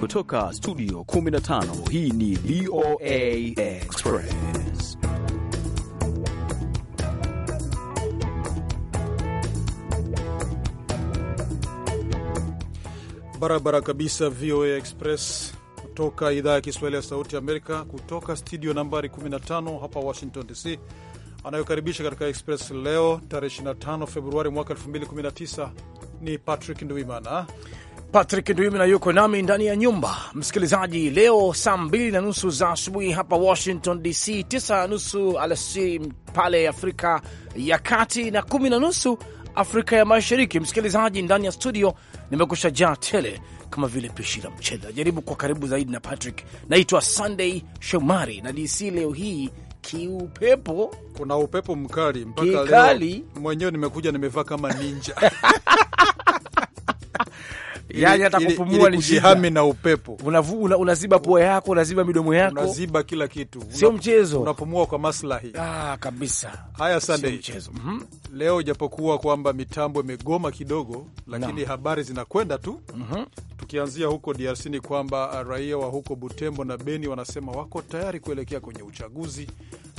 Kutoka studio 15 hii ni VOA Express. Barabara kabisa, VOA Express kutoka idhaa ya Kiswahili ya Sauti ya Amerika, kutoka studio nambari 15 hapa Washington DC, anayokaribisha katika Express leo tarehe 25 Februari mwaka 2019 ni Patrick Ndwimana Patrick na yuko nami ndani ya nyumba. Msikilizaji, leo saa mbili na nusu za asubuhi hapa Washington DC, tisa na nusu alasiri pale Afrika ya Kati na kumi na nusu Afrika ya Mashariki. Msikilizaji, ndani ya studio nimekusha jaa tele kama vile pishi la mchele. Jaribu kwa karibu zaidi na Patrick. Naitwa Sunday Shomari na DC leo hii kiupepo, kuna upepo mkali mpaka leo mwenyewe nimekuja nimevaa kama ninja yani hata kupumua ni jihami na upepo, una, unaziba pua yako, unaziba midomo yako, unaziba kila kitu, sio mchezo. Unapumua kwa maslahi ah, kabisa. Haya, Sunday mchezo mm -hmm. Leo japokuwa kwamba mitambo imegoma kidogo, lakini no. habari zinakwenda tu mm -hmm. Tukianzia huko DRC ni kwamba uh, raia wa huko Butembo na Beni wanasema wako tayari kuelekea kwenye uchaguzi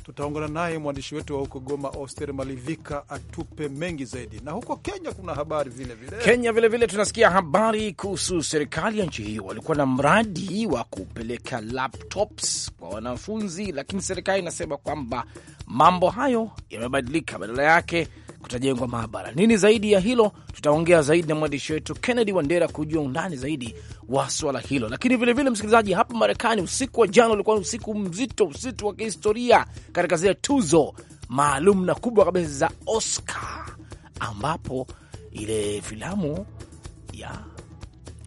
Tutaungana naye mwandishi wetu wa huko Goma, Oster Malivika, atupe mengi zaidi. Na huko Kenya kuna habari vilevile vile. Kenya vilevile vile tunasikia habari kuhusu serikali ya nchi hiyo, walikuwa na mradi wa kupeleka laptops kwa wanafunzi, lakini serikali inasema kwamba mambo hayo yamebadilika, badala yake kutajengwa maabara. Nini zaidi ya hilo, tutaongea zaidi na mwandishi wetu Kennedy Wandera kujua undani zaidi wa swala hilo. Lakini vilevile, msikilizaji, hapa Marekani usiku wa jana ulikuwa usiku mzito, usiku wa kihistoria katika zile tuzo maalum na kubwa kabisa za Oscar, ambapo ile filamu ya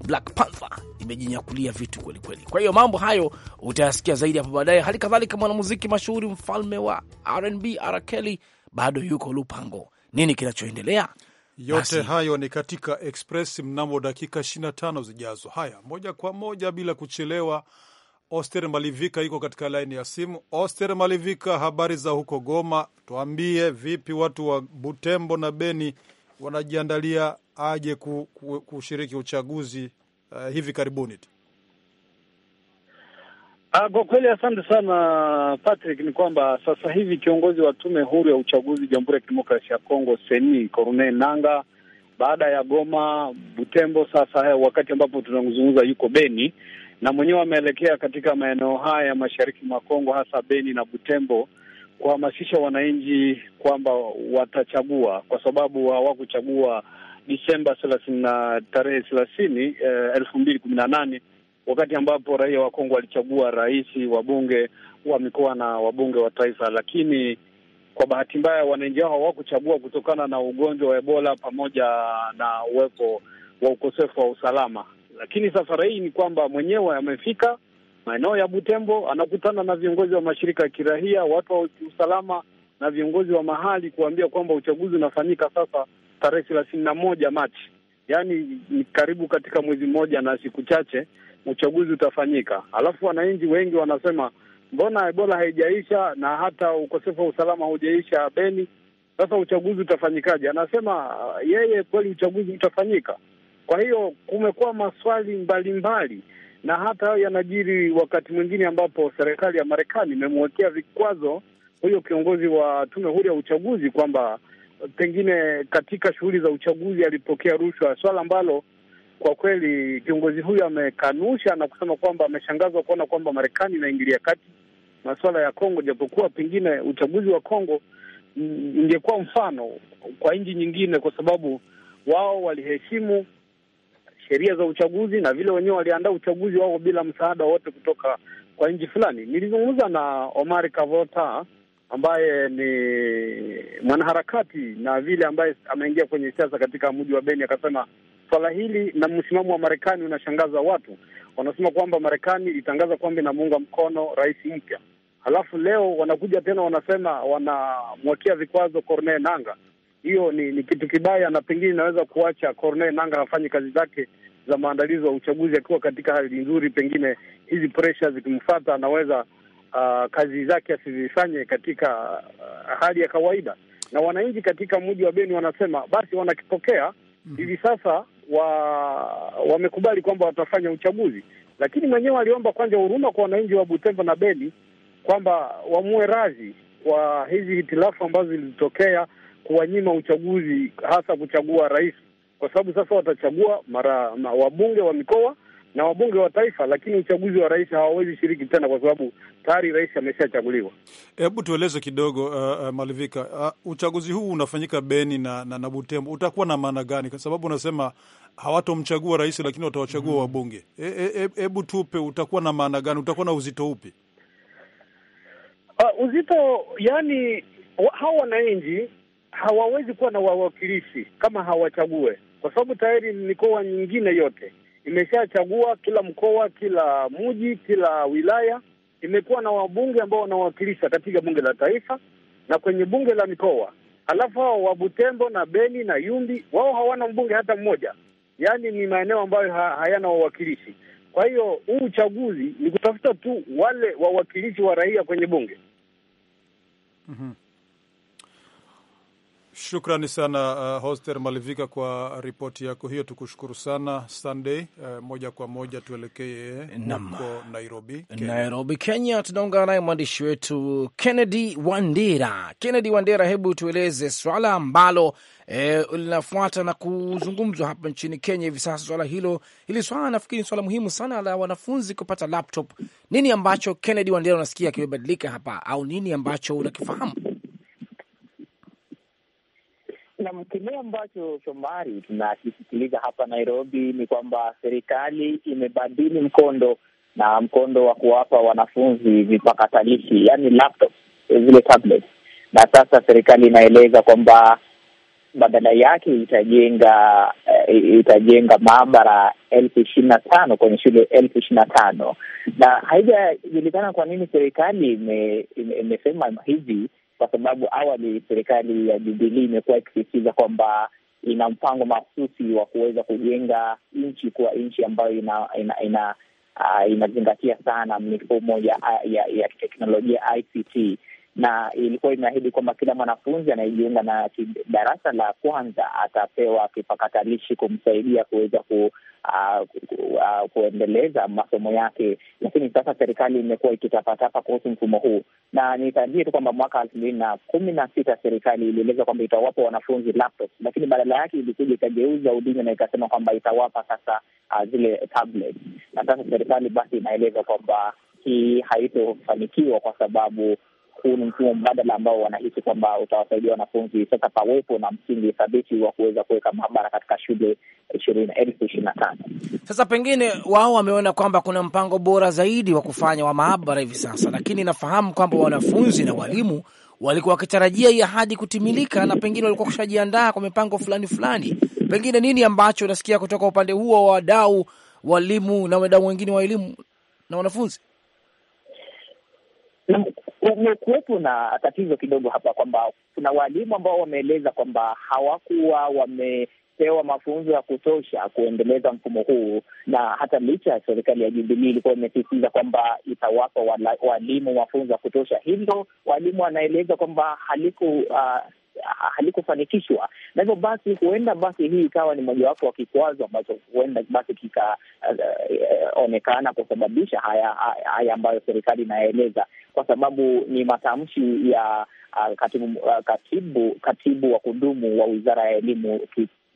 Black Panther imejinyakulia vitu kwelikweli. Kwa hiyo mambo hayo utayasikia zaidi hapo baadaye. Hali kadhalika mwanamuziki mashuhuri mfalme wa RnB R Kelly bado yuko Lupango nini kinachoendelea. Yote Nasi. hayo ni katika Express mnamo dakika 25 zijazo. Haya, moja kwa moja bila kuchelewa, Oster Malivika iko katika laini ya simu. Oster Malivika, habari za huko Goma? Tuambie vipi watu wa Butembo na Beni wanajiandalia aje kushiriki uchaguzi uh, hivi karibuni? Ah, kwa kweli asante sana Patrick. Ni kwamba sasa hivi kiongozi wa tume huru ya uchaguzi Jamhuri ya Kidemokrasia ya Kongo Seni corne Nanga, baada ya Goma, Butembo, sasa haya, wakati ambapo tunazungumza yuko Beni na mwenyewe ameelekea katika maeneo haya ya mashariki mwa Kongo, hasa Beni na Butembo, kuhamasisha wananchi kwamba watachagua, kwa sababu hawakuchagua Disemba thelathini na tarehe thelathini eh, elfu mbili kumi na nane wakati ambapo raia wa Kongo walichagua rais, wabunge wa mikoa na wabunge wa taifa, lakini kwa bahati mbaya wananchi hao hawakuchagua kutokana na ugonjwa wa Ebola pamoja na uwepo wa ukosefu wa usalama. Lakini safari hii ni kwamba mwenyewe amefika maeneo ya Butembo, anakutana na viongozi wa mashirika ya kirahia, watu wa usalama na viongozi wa mahali kuambia kwamba uchaguzi unafanyika sasa tarehe thelathini na moja Machi, yaani ni karibu katika mwezi mmoja na siku chache uchaguzi utafanyika. Alafu wananchi wengi wanasema mbona Ebola haijaisha na hata ukosefu wa usalama haujaisha Beni, sasa uchaguzi utafanyikaje? Anasema uh, yeye kweli uchaguzi utafanyika. Kwa hiyo kumekuwa maswali mbalimbali mbali, na hata hayo yanajiri wakati mwingine ambapo serikali ya Marekani imemwekea vikwazo huyo kiongozi wa tume huru ya uchaguzi kwamba pengine katika shughuli za uchaguzi alipokea rushwa, swala ambalo kwa kweli kiongozi huyu amekanusha na kusema kwamba ameshangazwa kuona kwamba Marekani inaingilia kati masuala ya Kongo, japokuwa pengine uchaguzi wa Kongo ingekuwa mfano kwa nchi nyingine, kwa sababu wao waliheshimu sheria za uchaguzi na vile wenyewe waliandaa uchaguzi wao bila msaada wote kutoka kwa nchi fulani. Nilizungumza na Omar Kavota ambaye ni mwanaharakati na vile ambaye ameingia kwenye siasa katika mji wa Beni, akasema Swala hili na msimamo wa Marekani unashangaza watu. Wanasema kwamba Marekani ilitangaza kwamba inamuunga mkono rais mpya, halafu leo wanakuja tena wanasema wanamwekea vikwazo Corneille Nanga. Hiyo ni, ni kitu kibaya, na pengine inaweza kuacha Corneille Nanga afanye kazi zake za maandalizi wa uchaguzi akiwa katika hali nzuri. Pengine hizi presha zikimfata anaweza uh, kazi zake asizifanye katika uh, hali ya kawaida. Na wananchi katika mji wa Beni wanasema basi wanakipokea mm. hivi sasa wa wamekubali kwamba watafanya uchaguzi, lakini mwenyewe aliomba kwanza huruma kwa wananchi wa Butembo na Beni kwamba wamue radhi kwa hizi hitilafu ambazo zilitokea kuwanyima uchaguzi, hasa kuchagua rais, kwa sababu sasa watachagua mara wabunge wa mikoa na wabunge wa taifa, lakini uchaguzi wa rais hawawezi shiriki tena kwa sababu tayari rais ameshachaguliwa. Hebu tueleze kidogo uh, uh, Malivika, uh, uchaguzi huu unafanyika Beni na, na, na Butembo utakuwa na maana gani? Kwa sababu unasema hawatomchagua rais lakini watawachagua mm -hmm. wabunge. Hebu e, e, e tupe utakuwa na maana gani? Utakuwa na uzito upi? Uh, uzito yani hawa wananchi hawawezi kuwa na wawakilishi kama hawachague, kwa sababu tayari mikoa nyingine yote imeshachagua kila mkoa, kila mji, kila wilaya imekuwa na wabunge ambao wanawakilisha katika bunge la taifa na kwenye bunge la mikoa. Halafu hao wa Butembo na Beni na Yumbi wao hawana mbunge hata mmoja, yaani ni maeneo ambayo ha hayana wawakilishi. Kwa hiyo huu uchaguzi ni kutafuta tu wale wawakilishi wa raia kwenye bunge. mm -hmm. Shukrani sana uh, Hoster Malivika kwa ripoti yako hiyo, tukushukuru sana Sunday. Uh, moja kwa moja tuelekee huko Nairobi, Kenya. Nairobi, Kenya, tunaungana naye mwandishi wetu Kennedy Wandera. Kennedy Wandera, hebu tueleze swala ambalo eh, linafuata na kuzungumzwa hapa nchini Kenya hivi sasa, swala hilo, hili swala nafikiri ni swala muhimu sana la wanafunzi kupata laptop. Nini ambacho Kennedy Wandera unasikia kimebadilika hapa, au nini ambacho unakifahamu? Nam, kile ambacho Shomari tunakisikiliza hapa Nairobi ni kwamba serikali imebadili mkondo na mkondo wa kuwapa wanafunzi vipakatalishi, yani laptop, zile tablet, na sasa serikali inaeleza kwamba badala yake itajenga eh, itajenga maabara elfu ishirini na tano kwenye shule elfu ishirini na tano na haijajulikana kwa nini serikali imesema hivi kwa sababu awali serikali ya Jubilii imekuwa ikisisitiza kwamba ina mpango mahususi wa kuweza kujenga nchi kuwa nchi ambayo ina ina, ina uh, inazingatia sana mifumo ya, ya, ya teknolojia ICT na ilikuwa imeahidi kwamba kila mwanafunzi anayejiunga na darasa la kwanza atapewa kipakatalishi kumsaidia kuweza ku, uh, uh, kuendeleza masomo yake. Lakini sasa serikali imekuwa ikitapatapa kuhusu mfumo huu, na nitarajie tu kwamba mwaka elfu mbili na kumi na sita serikali ilieleza kwamba itawapa wanafunzi lakini badala yake ilikuja ikageuza udini na ikasema kwamba itawapa sasa uh, zile tablet. Na sasa serikali basi inaeleza kwamba hii haitofanikiwa kwa sababu huu ni mfumo mbadala ambao wanahisi kwamba utawasaidia wanafunzi sasa pawepo na msingi thabiti wa kuweza kuweka maabara katika shule ishirini elfu eh, ishirini na tano. Sasa pengine wao wameona kwamba kuna mpango bora zaidi wa kufanya wa maabara hivi sasa, lakini nafahamu kwamba wanafunzi na walimu walikuwa wakitarajia hii ahadi kutimilika na pengine walikuwa kushajiandaa kwa mipango fulani fulani. Pengine nini ambacho unasikia kutoka upande huo wa wadau, walimu na wadau wengine wa elimu na wanafunzi? Kumekuwepo na tatizo kidogo hapa kwamba kuna waalimu ambao wameeleza kwamba hawakuwa wamepewa mafunzo ya kutosha kuendeleza mfumo huu, na hata licha ya serikali ya Jubilii ilikuwa imesisitiza kwamba itawapa waalimu mafunzo ya kutosha, hilo waalimu wanaeleza kwamba haliku uh, halikufanikishwa, na hivyo basi huenda basi hii ikawa ni mojawapo wa kikwazo ambacho huenda basi kikaonekana eh, eh, uh, uh, kusababisha haya, haya ambayo serikali inaeleza, kwa sababu ni matamshi ya uh, katibu, uh, katibu katibu wa kudumu wa wizara ya elimu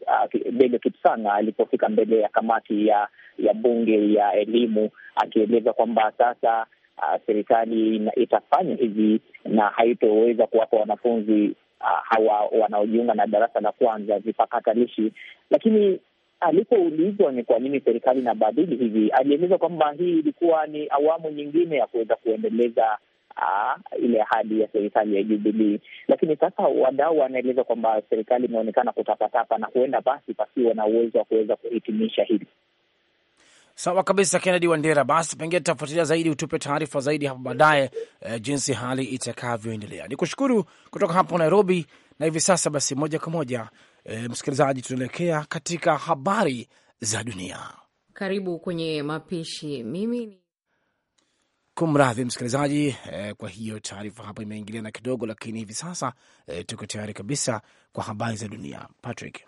Uh, ah, Bego Kipsanga alipofika mbele ya kamati ya ya bunge ya elimu akieleza kwamba sasa uh, serikali itafanya hivi na haitoweza kuwapa wanafunzi hawa wanaojiunga na darasa la kwanza vipakatalishi. Lakini alipoulizwa ni kwa nini serikali inabadili hivi, alieleza kwamba hii ilikuwa ni awamu nyingine ya kuweza kuendeleza Aa, ile ahadi ya serikali ya Jubilii. Lakini sasa wadau wanaeleza kwamba serikali imeonekana kutapatapa na huenda basi pasiwe na uwezo wa kuweza kuhitimisha hili. Sawa kabisa, Kennedy Wandera. Basi pengine tutafuatilia zaidi, utupe taarifa zaidi hapo baadaye, uh, jinsi hali itakavyoendelea. Ni kushukuru kutoka hapo Nairobi, na hivi sasa basi moja kwa moja, uh, msikilizaji, tunaelekea katika habari za dunia. Karibu kwenye mapishi, mimi Kumradhi msikilizaji eh, kwa hiyo taarifa hapo imeingiliana kidogo, lakini hivi sasa eh, tuko tayari kabisa kwa habari za dunia. Patrick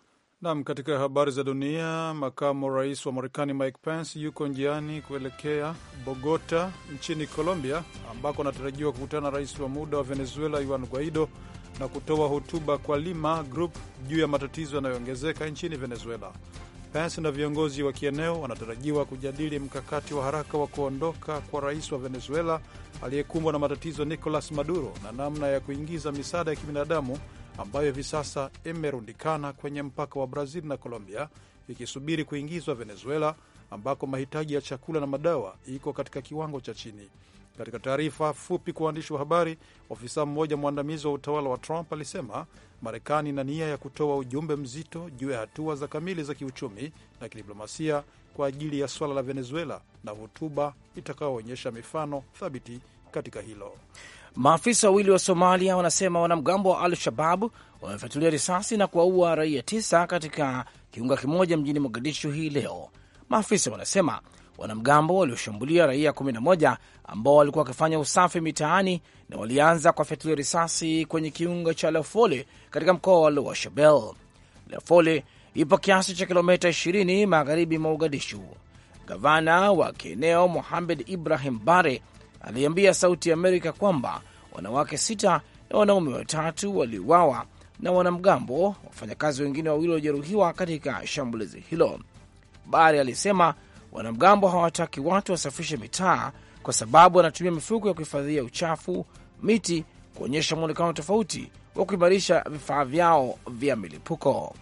Nam, katika habari za dunia, makamu rais wa Marekani Mike Pence yuko njiani kuelekea Bogota nchini Colombia, ambako anatarajiwa kukutana na rais wa muda wa Venezuela Juan Guaido na kutoa hotuba kwa Lima Group juu ya matatizo yanayoongezeka nchini Venezuela. Pence na viongozi wa kieneo wanatarajiwa kujadili mkakati wa haraka wa kuondoka kwa rais wa Venezuela aliyekumbwa na matatizo Nicolas Maduro na namna ya kuingiza misaada ya kibinadamu ambayo hivi sasa imerundikana kwenye mpaka wa Brazil na Colombia ikisubiri kuingizwa Venezuela ambako mahitaji ya chakula na madawa iko katika kiwango cha chini. Katika taarifa fupi kwa waandishi wa habari, ofisa mmoja mwandamizi wa utawala wa Trump alisema Marekani ina nia ya kutoa ujumbe mzito juu ya hatua za kamili za kiuchumi na kidiplomasia kwa ajili ya swala la Venezuela na hotuba itakayoonyesha mifano thabiti katika hilo. Maafisa wawili wa Somalia wanasema wanamgambo wa Al-Shababu wamefyatulia risasi na kuwaua raia tisa katika kiunga kimoja mjini Mogadishu hii leo. Maafisa wanasema wanamgambo walioshambulia raia 11 ambao walikuwa wakifanya usafi mitaani na walianza kuwafyatulia risasi kwenye kiunga cha Lafole katika mkoa wa Lower Shabelle. Lafole ipo kiasi cha kilomita 20 magharibi mwa Mogadishu. Gavana wa kieneo Mohamed Ibrahim Bare aliambia Sauti Amerika kwamba wanawake sita na wanaume watatu waliuawa na wanamgambo, wafanyakazi wengine wawili waliojeruhiwa katika shambulizi hilo. Bari alisema wanamgambo hawataki watu wasafishe mitaa kwa sababu wanatumia mifuko ya kuhifadhia uchafu, miti kuonyesha mwonekano tofauti wa kuimarisha vifaa vyao vya milipuko.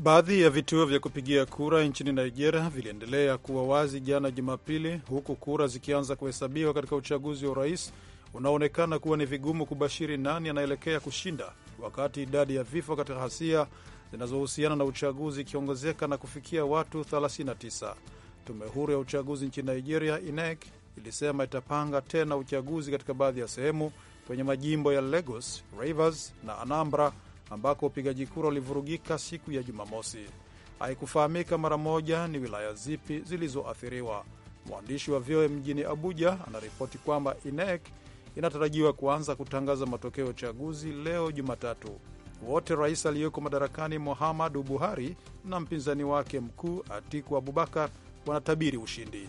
Baadhi ya vituo vya kupigia kura nchini Nigeria viliendelea kuwa wazi jana Jumapili, huku kura zikianza kuhesabiwa katika uchaguzi wa urais unaoonekana kuwa ni vigumu kubashiri nani anaelekea kushinda, wakati idadi ya vifo katika ghasia zinazohusiana na uchaguzi ikiongezeka na kufikia watu 39. Tume huru ya uchaguzi nchini Nigeria, INEC, ilisema itapanga tena uchaguzi katika baadhi ya sehemu kwenye majimbo ya Lagos, Rivers na Anambra ambako upigaji kura ulivurugika siku ya Jumamosi. Haikufahamika mara moja ni wilaya zipi zilizoathiriwa. Mwandishi wa VOA mjini Abuja anaripoti kwamba INEC inatarajiwa kuanza kutangaza matokeo ya uchaguzi leo Jumatatu. Wote rais aliyeko madarakani Muhammadu Buhari na mpinzani wake mkuu Atiku Abubakar wanatabiri ushindi.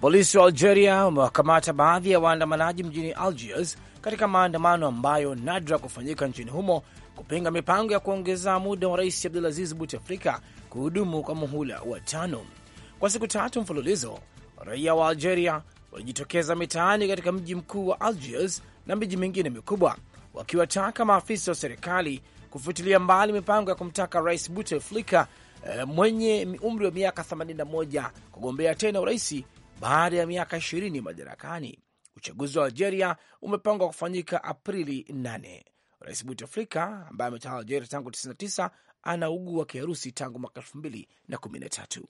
Polisi wa Algeria wamewakamata baadhi ya waandamanaji mjini Algiers katika maandamano ambayo nadra kufanyika nchini humo kupinga mipango ya kuongeza muda wa rais Abdulaziz Buteflika kuhudumu kwa muhula wa tano. Kwa siku tatu mfululizo, raia wa Algeria walijitokeza mitaani katika mji mkuu wa Algiers na miji mingine mikubwa, wakiwataka maafisa wa serikali kufutilia mbali mipango ya kumtaka rais Buteflika e, eh, mwenye umri wa miaka 81 kugombea tena uraisi baada ya miaka 20 madarakani. Uchaguzi wa Algeria umepangwa kufanyika Aprili 8. Rais buteflika ambaye ametawala Algeria tangu 99 anaugua kiharusi tangu mwaka tatu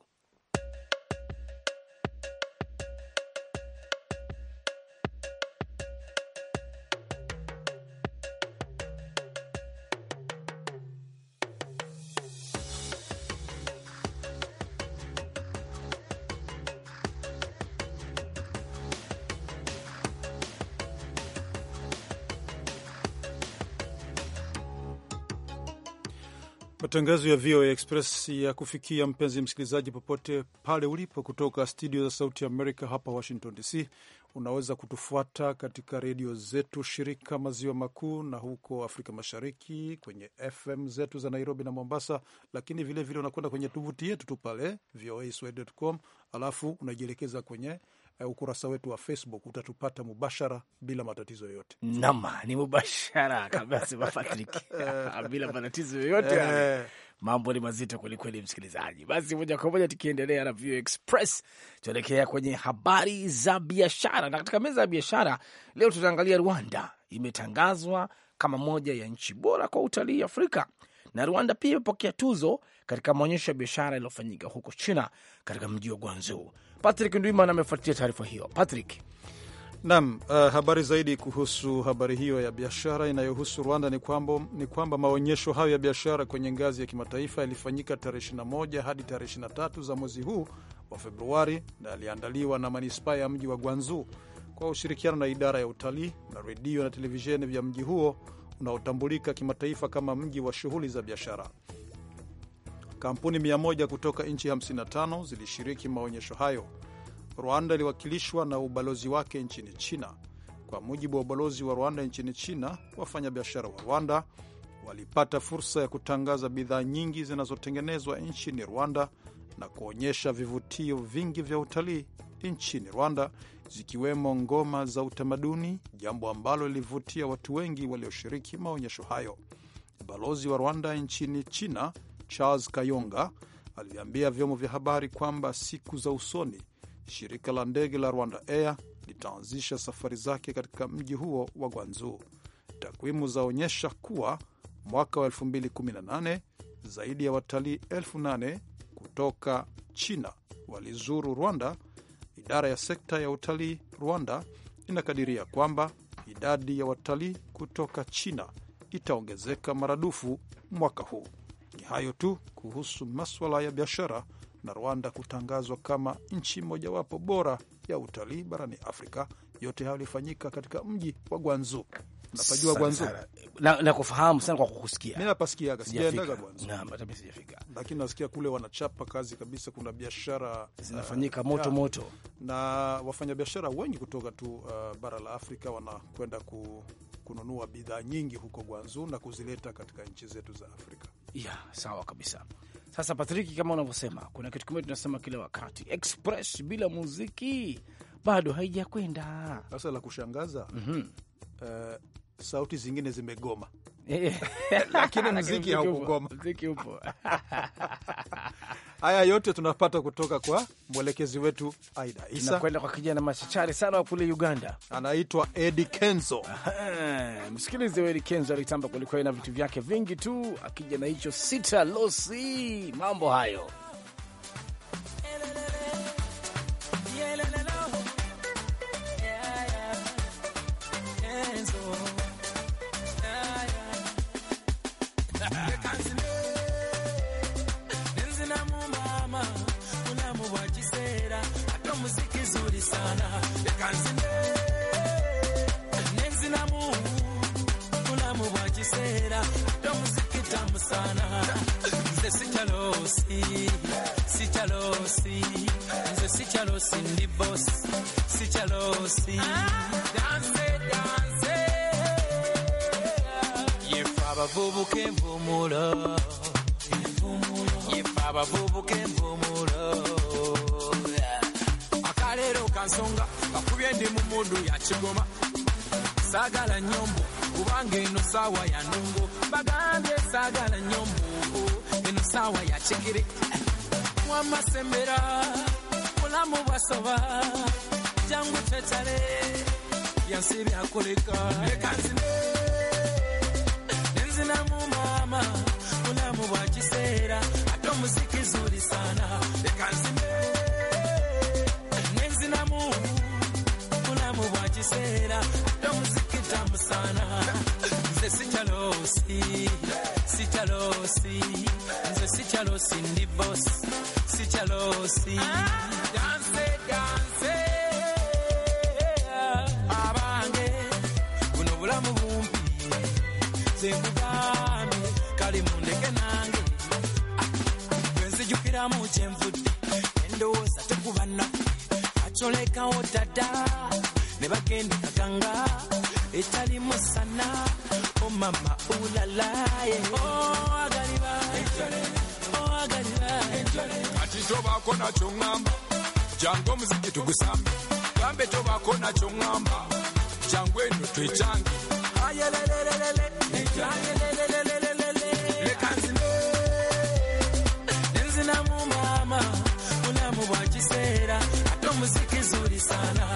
Matangazo ya VOA Express ya kufikia mpenzi msikilizaji, popote pale ulipo, kutoka studio za Sauti Amerika hapa Washington DC. Unaweza kutufuata katika redio zetu shirika maziwa makuu, na huko Afrika Mashariki kwenye FM zetu za Nairobi na Mombasa, lakini vilevile unakwenda kwenye tovuti yetu tu pale voaswahili.com, alafu unajielekeza kwenye Eh, ukurasa wetu wa Facebook utatupata mubashara bila matatizo yoyote. Naam, ni mubashara kabisa Patrick, bila matatizo yoyote eh. Mambo ni mazito kwelikweli, msikilizaji. Basi moja kwa moja tukiendelea na View Express, tuelekea kwenye habari za biashara, na katika meza ya biashara leo tutaangalia Rwanda. Imetangazwa kama moja ya nchi bora kwa utalii Afrika, na Rwanda pia imepokea tuzo katika maonyesho ya biashara yaliyofanyika huko China katika mji wa Guangzhou. Patrick Ndwimana amefuatilia taarifa hiyo. Patrick. Naam, uh, habari zaidi kuhusu habari hiyo ya biashara inayohusu Rwanda ni kwamba, ni kwamba maonyesho hayo ya biashara kwenye ngazi ya kimataifa yalifanyika tarehe 21 hadi tarehe 23 za mwezi huu wa Februari na yaliandaliwa na manispaa ya mji wa gwanzu kwa ushirikiano na idara ya utalii na redio na televisheni vya mji huo unaotambulika kimataifa kama mji wa shughuli za biashara. Kampuni 100 kutoka nchi 55 zilishiriki maonyesho hayo. Rwanda iliwakilishwa na ubalozi wake nchini China. Kwa mujibu wa ubalozi wa Rwanda nchini China, wafanyabiashara wa Rwanda walipata fursa ya kutangaza bidhaa nyingi zinazotengenezwa nchini Rwanda na kuonyesha vivutio vingi vya utalii nchini Rwanda, zikiwemo ngoma za utamaduni, jambo ambalo lilivutia watu wengi walioshiriki maonyesho hayo. Balozi wa Rwanda nchini China Charles Kayonga aliviambia vyombo vya habari kwamba siku za usoni shirika la ndege la Rwanda Air litaanzisha safari zake katika mji huo wa Gwanzu. Takwimu zaonyesha kuwa mwaka wa 2018 zaidi ya watalii elfu nane kutoka China walizuru Rwanda. Idara ya sekta ya utalii Rwanda inakadiria kwamba idadi ya watalii kutoka China itaongezeka maradufu mwaka huu hayo tu kuhusu maswala ya biashara na Rwanda kutangazwa kama nchi mojawapo bora ya utalii barani Afrika. Yote hayo yalifanyika katika mji wa Gwanzu. Napajua Gwanzu na, na kufahamu sana kwa kukusikia. Mi napasikiaga, sijaendaga Gwanzu lakini nasikia kule wanachapa kazi kabisa, kuna biashara zinafanyika uh, moto moto, na wafanyabiashara wengi kutoka tu uh, bara la Afrika wanakwenda ku, kununua bidhaa nyingi huko Gwanzu na kuzileta katika nchi zetu za Afrika ya sawa kabisa. Sasa Patriki, kama unavyosema, kuna kitu kimoja tunasema kila wakati, express bila muziki bado haijakwenda. Sasa la kushangaza mm -hmm. Uh, sauti zingine zimegoma eh, eh. lakini mziki haukugoma, upo Haya yote tunapata kutoka kwa mwelekezi wetu Aida Isa. Nakwenda kwa kijana machachari sana wa kule Uganda, anaitwa Edi Kenzo. Msikilizi Edi Kenzo, alitamba kwelikweli na vitu vyake vingi tu, akija na hicho sita losi, mambo hayo tomuzikita musana nze sikyalosi sikyalosi nze sikyalosi ndi bos sikyalosi yefe abavubuka envumulo yefe abavubuka envumulo akaleero kansonga bakubye ndi mu mudu yakigoma sagala nyombo kubanga eno sawa ya nongo bagambye sagala nyombo eno sawa ya chekere wamasembera mulamu bwasoba jangu tetale yansibyakoleka ekanzine nenzinamu mama mulamu bwakiseera ate omuziki zulisana ekanzine nenzinamu mulamu bwakiseera ate omuziki tamu sana nze sikyalosi sikyalosi nze sikyalosi ndi bos sikyalosi danse danse abange buno bulamu bumpi nze nkugambye kali mundeke nange gwenzijukiramu kyenvudde endowooza tekubanaku acolekawo tata ne bagenda kaganga etalimu musana, oh mama ulala oh agaliba oh agaliba kati tobaako nakyo ŋŋamba jangu omuziki tugusambe gambe tobaako nakyo ŋŋamba jangu mama sana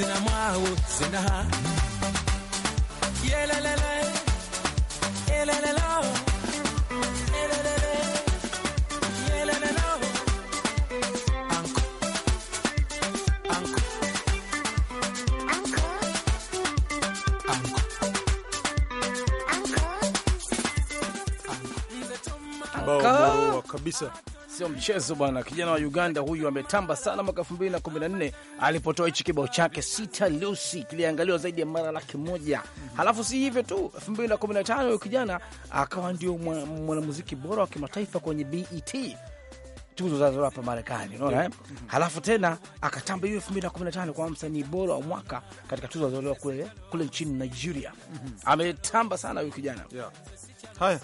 zina mwahu zina yelelele yelelelo kabisa sio mchezo bwana. Kijana wa Uganda huyu ametamba sana mwaka 2014 alipotoa hichi kibao chake sita Lucy, kiliangaliwa zaidi ya mara laki moja. Halafu si hivyo tu, 2015 huyu kijana akawa ndio mwanamuziki bora wa kimataifa kwenye BET tuzo za hapa Marekani, unaona eh? Mm-hmm. Halafu tena akatamba hiyo 2015 kwa msanii bora wa mwaka katika tuzo zilizotolewa kule kule nchini Nigeria. Mm-hmm. Ametamba sana huyu kijana. yeah. Haya.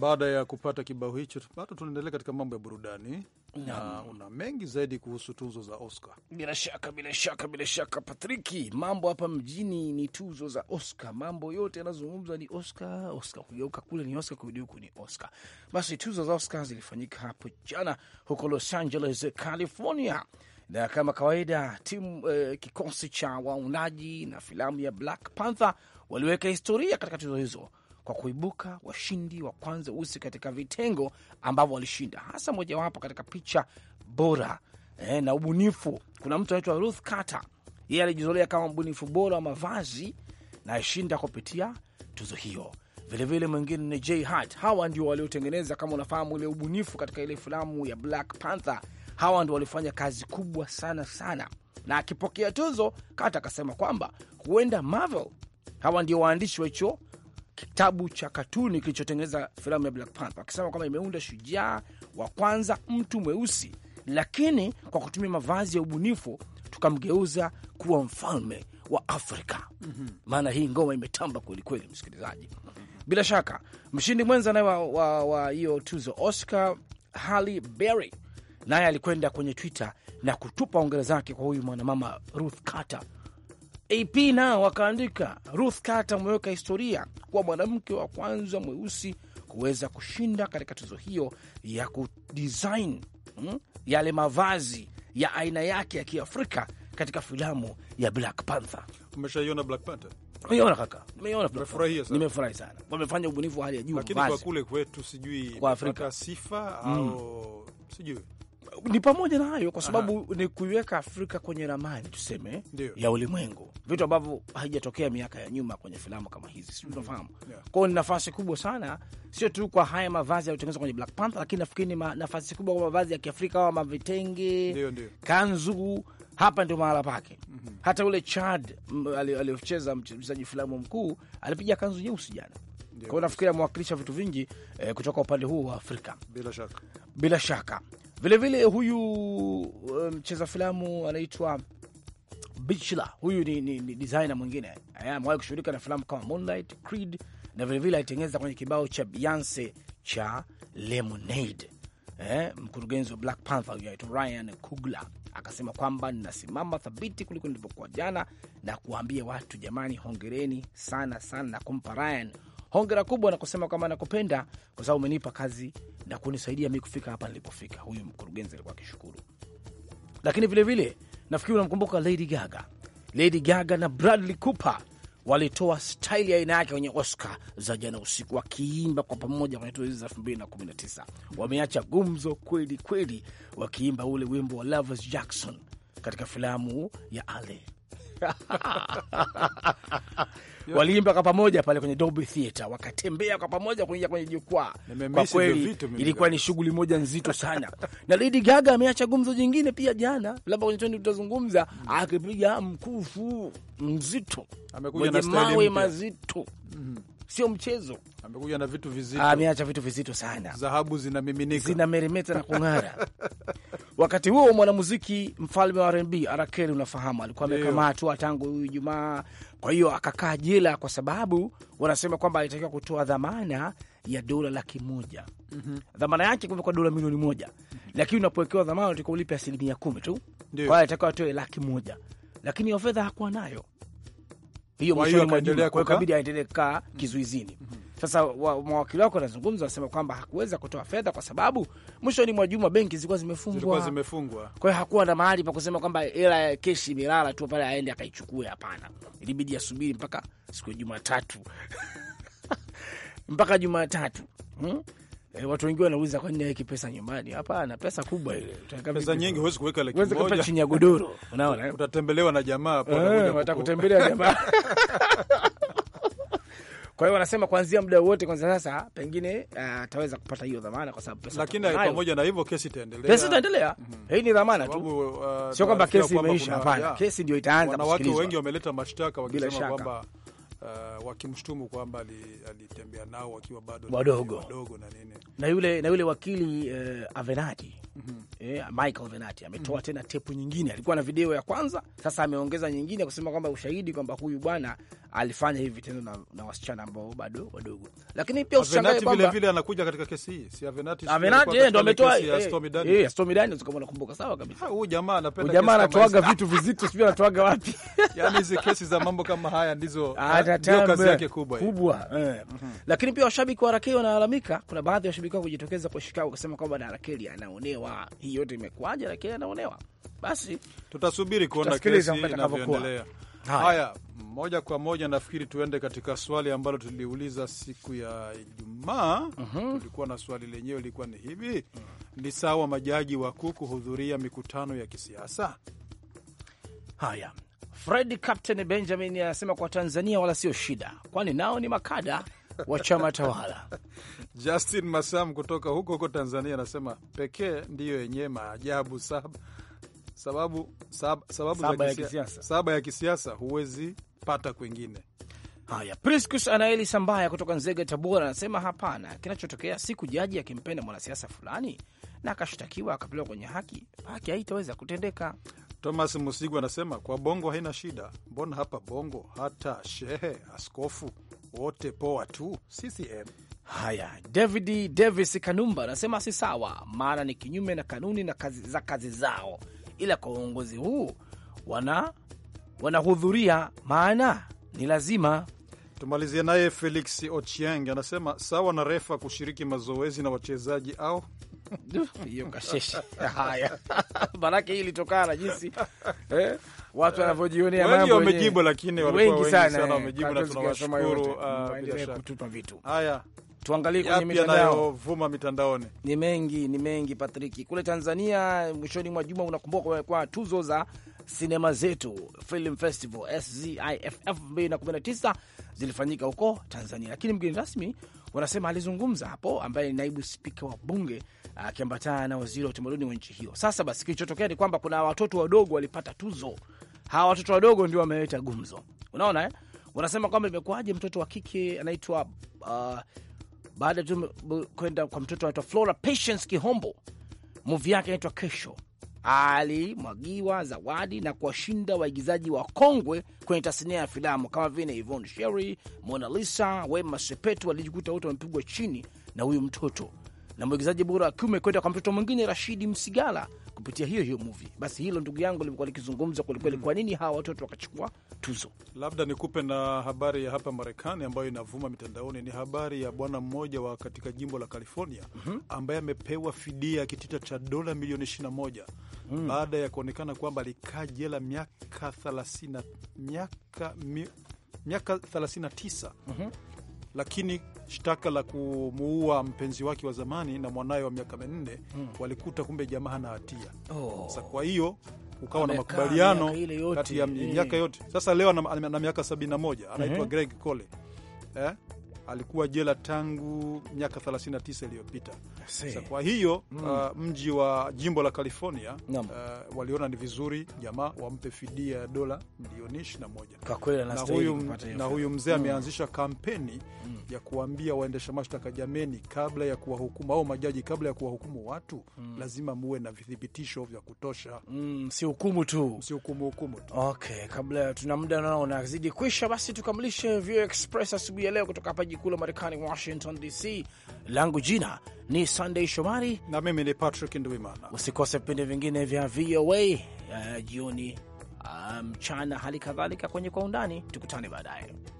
Baada ya kupata kibao hicho, bado tunaendelea katika mambo ya burudani na una mengi zaidi kuhusu tuzo za Oscar. Bila shaka, bila shaka, bila shaka, Patriki, mambo hapa mjini ni tuzo za Oscar. Mambo yote yanazungumzwa ni Oscar, Oscar. Kugeuka kule ni Oscar, kurudi huku ni Oscar. Basi tuzo za Oscar zilifanyika hapo jana huko Los Angeles, California, na kama kawaida timu eh, kikosi cha waundaji na filamu ya Black Panther waliweka historia katika tuzo hizo kwa kuibuka washindi wa kwanza usi katika vitengo ambavyo walishinda, hasa mojawapo katika picha bora eh, na ubunifu. Kuna mtu anaitwa Ruth Carter, yeye alijizolea kama mbunifu bora wa mavazi na ashinda kupitia tuzo hiyo. Vilevile mwingine ni J Hart. Hawa ndio waliotengeneza, kama unafahamu, ile ubunifu katika ile filamu ya Black Panther. Hawa ndio walifanya kazi kubwa sana sana, na akipokea tuzo Carter akasema kwamba huenda Marvel hawa ndio waandishi wa hicho kitabu cha katuni kilichotengeneza filamu ya Black Panther, akisema kwamba imeunda shujaa wa kwanza mtu mweusi, lakini kwa kutumia mavazi ya ubunifu tukamgeuza kuwa mfalme wa Afrika. Mhm. Maana mm -hmm. hii ngoma imetamba kwelikweli, msikilizaji. Bila shaka mshindi mwenza naye wa hiyo tuzo Oscar, Halle Berry, naye alikwenda kwenye Twitter na kutupa ongera zake kwa huyu mwanamama Ruth Carter AP nao wakaandika Ruth Carter ameweka historia kuwa mwanamke wa kwanza mweusi kuweza kushinda katika tuzo hiyo ya kudesign hmm, yale mavazi ya aina yake ya Kiafrika katika filamu ya Black Panther. Umeshaiona Black Panther? Nimeiona kaka, nimeiona, nimefurahi sana, wamefanya ubunifu wa hali ya juu. Lakini kwa kule kwetu sijui kwa Afrika sifa mm. au mm, sijui ni pamoja na hayo, kwa sababu Aha. ni kuiweka Afrika kwenye ramani tuseme Dio. ya ulimwengu, vitu ambavyo haijatokea miaka ya nyuma kwenye filamu kama hizi, si unafahamu? yeah. Kwao ni nafasi kubwa sana, sio tu kwa haya mavazi yaliotengenezwa kwenye Black Panther, lakini nafikiri ni nafasi kubwa kwa mavazi ya Kiafrika kama vitenge, kanzu hapa ndio mahala pake. mm -hmm. Hata ule Chad aliyocheza mchezaji filamu mkuu alipiga kanzu nyeusi jana. Kwao nafikiri amewakilisha vitu vingi eh, kutoka upande huu wa Afrika bila shaka, bila shaka. Vilevile huyu eh, mcheza um, filamu anaitwa Bichla. Huyu ni, ni, ni designer mwingine amewahi kushughulika na filamu kama Moonlight, Creed na vilevile alitengeneza kwenye kibao cha Beyonce cha Lemonade. Eh, mkurugenzi wa Black Panther huyu anaitwa Ryan Coogler akasema kwamba ninasimama thabiti kuliko nilivyokuwa jana, na kuwaambia watu jamani, hongereni sana sana, na kumpa Ryan hongera kubwa na kusema kwamba nakupenda kwa sababu umenipa kazi na kunisaidia mi kufika hapa nilipofika. Huyu mkurugenzi alikuwa akishukuru, lakini vilevile nafikiri unamkumbuka Lady Gaga. Lady Gaga na Bradley Cooper walitoa staili aina yake kwenye Oscar za jana usiku, wakiimba kwa pamoja kwenye tuzo hizi za 2019. Wameacha gumzo kweli kweli, wakiimba ule wimbo wa Lovers Jackson katika filamu ya Ale yeah. Waliimba kwa pamoja pale kwenye Dolby Theater, wakatembea kwa pamoja kuingia kwenye jukwaa. Kwa kweli ilikuwa ni shughuli moja nzito sana na Lady Gaga ameacha gumzo jingine pia jana, labda kwenye tendo tutazungumza mm. akipiga mkufu mzito mwenye mawe mazito mm sio mchezo. Amekuja na vitu vizito, ah, ameacha vitu vizito sana, dhahabu zinamiminika, zinameremeta na kung'ara. Wakati huo mwanamuziki mfalme wa R&B Arakeli, unafahamu, alikuwa amekamatwa tangu Ijumaa, kwa hiyo akakaa jela kwa sababu wanasema kwamba alitakiwa kutoa dhamana ya dola laki moja. mm -hmm. Dhamana yake kumekuwa dola milioni moja. mm -hmm. Lakini unapowekewa dhamana unatakiwa ulipe asilimia kumi tu, kwa hiyo alitakiwa atoe laki moja, lakini hiyo fedha hakuwa nayo hiyo mwishoni mwa juma, kwa kabidi aendelee kukaa mm-hmm. kizuizini. Mm-hmm. Sasa wa, mawakili wako wanazungumza, wanasema kwamba hakuweza kutoa fedha kwa sababu mwishoni mwa juma benki zilikuwa zimefungwa, zimefungwa. Kwa hiyo hakuwa na mahali pa kusema kwamba hela ya keshi imelala tu pale aende akaichukue. Hapana, ilibidi asubiri mpaka siku ya Jumatatu mpaka Jumatatu hmm? E, watu wengi wanauliza kwa nini aweki pesa nyumbani? Hapana, pesa kubwa ile, eh, pesa nyingi huwezi kuweka laki moja, huwezi kuweka chini ya godoro. Unaona, utatembelewa na jamaa hapo, eh, watakutembelea jamaa kwa hiyo wanasema kuanzia muda wote kwanza. Sasa pengine ataweza uh, kupata hiyo dhamana kwa sababu pesa, lakini pamoja na hivyo kesi itaendelea, kesi itaendelea. mm -hmm. Hii ni dhamana tu, uh, sio kwamba kesi imeisha. Hapana, kesi ndio itaanza. Watu wengi wameleta mashtaka wakisema kwamba uh, wakimshtumu kwamba alitembea nao wakiwa bado wadogo na nini, na yule na yule wakili uh, Avenati mm -hmm. eh, Michael Avenatti ametoa mm -hmm. tena tepu nyingine, alikuwa na video ya kwanza, sasa ameongeza nyingine kusema kwamba ushahidi kwamba huyu bwana alifanya hivi vitendo na, na wasichana ambao bado wadogo, lakini pia usishangae kwamba vile vile anakuja katika kesi hii, si Avenatti, Avenatti yeye ndo ametoa eh, eh Stormy Daniels, kama unakumbuka sawa kabisa. Ah, huyu jamaa anapenda, jamaa anatoaga vitu vizito, sio anatoaga wapi? Yani hizi kesi za mambo kama haya ndizo ah, ndio kazi yake kubwa kubwa. eh. Mhm. Lakini pia washabiki wa Rakeli wanalalamika, kuna baadhi ya washabiki wao kujitokeza kwa Chicago kusema kwamba na Rakeli anaonewa. Hii yote imekwaje? Rakeli anaonewa? Basi tutasubiri kuona kesi inavyoendelea. Haya, moja kwa moja nafikiri tuende katika swali ambalo tuliuliza siku ya Ijumaa. uh mhm. -huh. Tulikuwa na swali lenyewe ilikuwa ni hivi, uh -huh. ni sawa majaji wakuu kuhudhuria mikutano ya kisiasa? Haya, Fred Captain Benjamin anasema kwa Tanzania wala sio shida, kwani nao ni makada wa chama tawala. Justin Masam kutoka huko huko Tanzania anasema pekee ndiyo yenyewe maajabu saba sababu sab, sababu saba ya kisiasa, saba ya kisiasa huwezi pata kwingine. Haya, Priscus Anaeli Sambaya kutoka Nzega, Tabora, anasema hapana, kinachotokea siku jaji akimpenda mwanasiasa fulani na akashtakiwa akapelekwa kwenye haki, haki haitaweza kutendeka. Thomas Musigu anasema kwa Bongo haina shida, mbona hapa Bongo hata shehe, askofu wote poa tu CCM. Haya, David Davis Kanumba anasema si sawa, maana ni kinyume na kanuni na kazi, za kazi zao ila kwa uongozi huu wana wanahudhuria, maana ni lazima. Tumalizie naye Felix Ochieng anasema sawa na refa kushiriki mazoezi na wachezaji au hiyo kasheshe. Haya, manake hii ilitokana na jinsi eh, watu wanavyojionea mambo Wamejibu lakini walikuwa wengi sana eh, wamejibu, na tunawashukuru. Ah, Haya tuangalie kwenye mitandao. Vuma mitandaoni ni mengi, ni mengi Patriki. Kule Tanzania mwishoni mwa juma, unakumbuka kwa tuzo za sinema zetu Film Festival SZIFF 2019 zilifanyika huko Tanzania, lakini mgeni rasmi wanasema alizungumza hapo, ambaye ni naibu spika wa bunge akiambatana na waziri wa utamaduni wa nchi hiyo. Sasa basi, kilichotokea ni kwamba kuna watoto wadogo walipata tuzo. Hawa watoto wadogo ndio wameleta gumzo, unaona eh? Wanasema kwamba imekuwaje mtoto wa kike anaitwa uh, baada tu kwenda kwa mtoto anaitwa Flora Patience Kihombo, muvi yake inaitwa Kesho. Alimwagiwa zawadi na kuwashinda waigizaji wa kongwe kwenye tasnia ya filamu kama vile Yvonne Sherry, Mona Lisa, Wema Sepetu. Walijikuta wote wamepigwa chini na huyu mtoto. Na mwigizaji bora wa kiume kwenda kwa mtoto mwingine Rashidi Msigala kupitia hiyo hiyo movie. Basi hilo ndugu yangu limekuwa likizungumza kwelikweli, mm. kwa nini hawa watoto wakachukua tuzo. Labda nikupe na habari ya hapa Marekani ambayo inavuma mitandaoni, ni habari ya bwana mmoja wa katika jimbo la California mhm. ambaye amepewa fidia ya kitita cha dola milioni 21 mm. baada ya kuonekana kwamba alikaa jela miaka 30 miaka miaka 39 mm -hmm lakini shtaka la kumuua mpenzi wake wa zamani na mwanawe wa miaka minne hmm. walikuta kumbe jamaa hana hatia oh. Sa kwa hiyo ukawa na makubaliano kati ya eh. miaka yote. Sasa leo ana miaka sabini na moja anaitwa mm -hmm. Greg Cole eh? alikuwa jela tangu miaka 39 iliyopita. Kwa hiyo mm. uh, mji wa jimbo la California uh, waliona ni vizuri jamaa wampe fidia ya dola milioni 21 na na huyu, na huyu mzee mm. ameanzisha kampeni mm. ya kuambia waendesha mashtaka, jameni, kabla ya kuwahukumu au majaji, kabla ya kuwahukumu watu mm. lazima muwe na vithibitisho vya kutosha mm, si hukumu tu, si hukumu hukumu tu. Okay, kabla tuna muda naona unazidi kwisha, basi tukamilishe Vio Express asubuhi ya leo kutoka hapa jiji kuu la Marekani, Washington DC. Langu jina ni sandey Shomari na mimi ni Patrick Ndwimana. Usikose vipindi vingine vya VOA uh, eh, jioni, ah, mchana, um, hali kadhalika kwenye Kwa Undani. Tukutane baadaye.